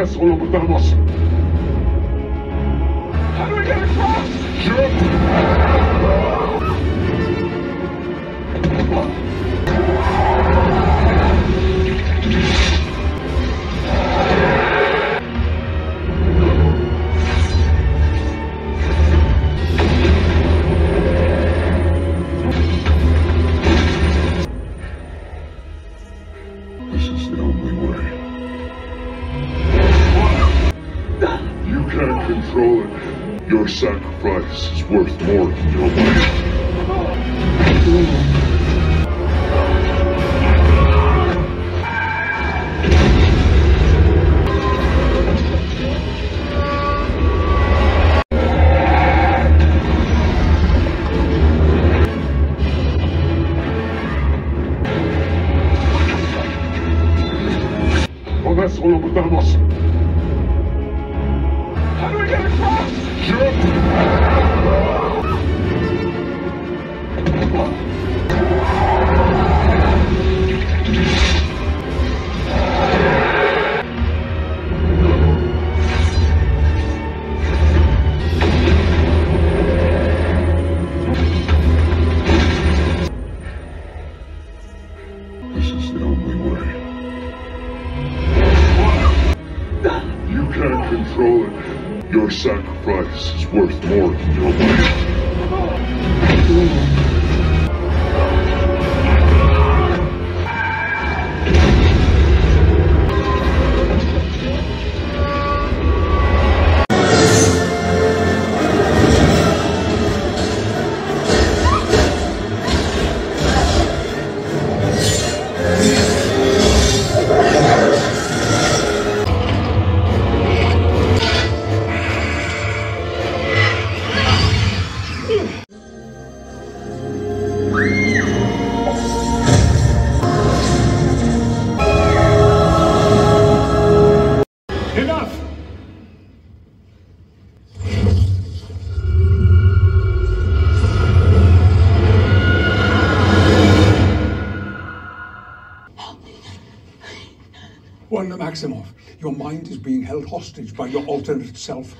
mess all over Thanos. How do we get across? Jump! control it. Your sacrifice is worth more than your life. Obras, o lo matamos. way. You can't control it. Your sacrifice is worth more than your life. Wanda Maximov, your mind is being held hostage by your alternate self.